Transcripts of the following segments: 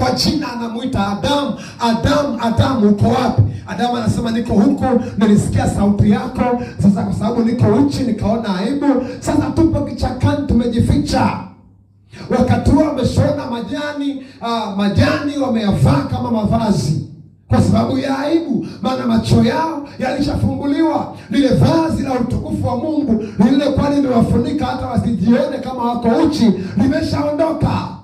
kwa jina anamuita Adamu, Adamu, Adamu, uko wapi? Adamu anasema niko huku, nilisikia sauti yako. Sasa kwa sababu niko uchi, nikaona aibu. Sasa tupo kichakani, tumejificha. Wakati huo wameshona majani, uh, majani wameyavaa kama mavazi kwa sababu ya aibu, maana macho yao yalishafunguliwa. Lile vazi la utukufu wa Mungu lililokuwa limewafunika hata wasijione kama wako uchi limeshaondoka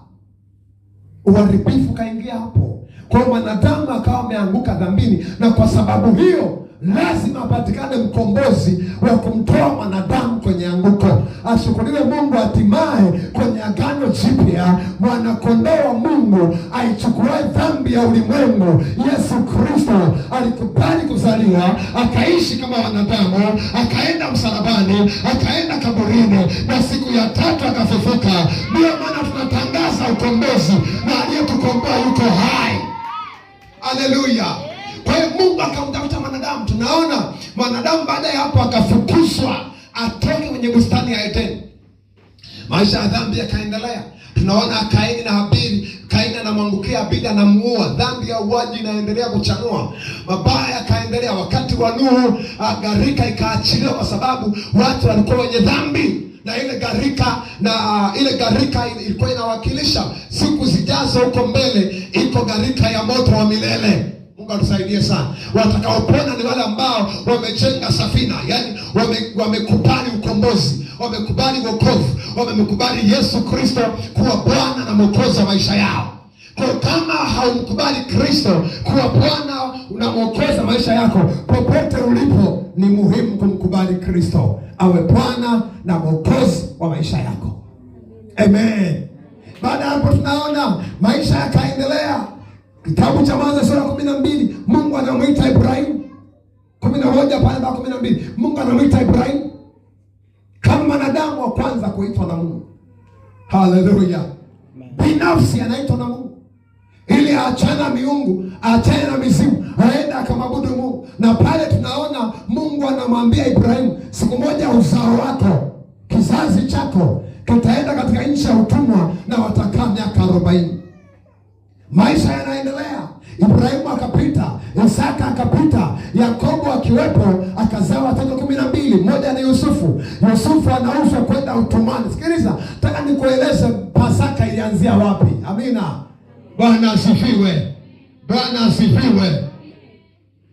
uharibifu kaingia hapo. Kwa hiyo mwanadamu akawa ameanguka dhambini, na kwa sababu hiyo lazima apatikane mkombozi wa kumtoa mwanadamu kwenye anguko, ashukuriwe Mungu. Hatimaye kwenye Agano Jipya, mwanakondoo wa Mungu aichukuae dhambi ya ulimwengu, Yesu Kristo alikubali kuzaliwa, akaishi kama wanadamu, akaenda msalabani, akaenda kaburini, na siku ya tatu akafufuka. Ndiyo maana tunatangaza ukombozi Haleluya! Kwa hiyo Mungu akamtafuta mwanadamu. Tunaona mwanadamu baada ya hapo akafukuzwa atoke kwenye bustani ya Edeni. Maisha ya dhambi yakaendelea. Tunaona Kaini na Habili. Kaini anamwangukia Habili, anamuua. Dhambi ya uwaji inaendelea kuchanua, mabaya yakaendelea. Wakati wa Nuhu ah, gharika ikaachiliwa kwa sababu watu walikuwa wenye dhambi, na ile gharika na uh, ile gharika ilikuwa inawakilisha siku zijazo huko mbele milele. Mungu atusaidie sana. Watakaopona ni wale ambao wamechenga safina, yani wamekubali wame ukombozi, wamekubali wokovu, wamemkubali Yesu Kristo kuwa Bwana na Mwokozi wa maisha yao. Kwa kama haumkubali Kristo kuwa Bwana unamwokoza maisha yako, popote ulipo, ni muhimu kumkubali Kristo awe Bwana na Mwokozi wa maisha yako. Amen. Baada ya hapo, tunaona maisha yakaendelea Kitabu cha Mwanzo sura kumi na mbili Mungu anamwita ibrahim kumi na moja pale mpaka kumi na mbili Mungu anamwita Ibrahim kama mwanadamu wa kwanza kuitwa na Mungu. Haleluya! Binafsi anaitwa na Mungu ili aachana miungu, aachane na mizimu, aenda akamwabudu Mungu. Na pale tunaona Mungu anamwambia Ibrahimu, siku moja uzao wako, kizazi chako kitaenda katika nchi ya utumwa na watakaa miaka arobaini maisha Isaka akapita, Yakobo akiwepo, akazaa watoto kumi na mbili, mmoja ni Yusufu. Yusufu anauzwa kwenda utumani Sikiliza, nataka nikueleze Pasaka ilianzia wapi. Amina, Bwana asifiwe, Bwana asifiwe.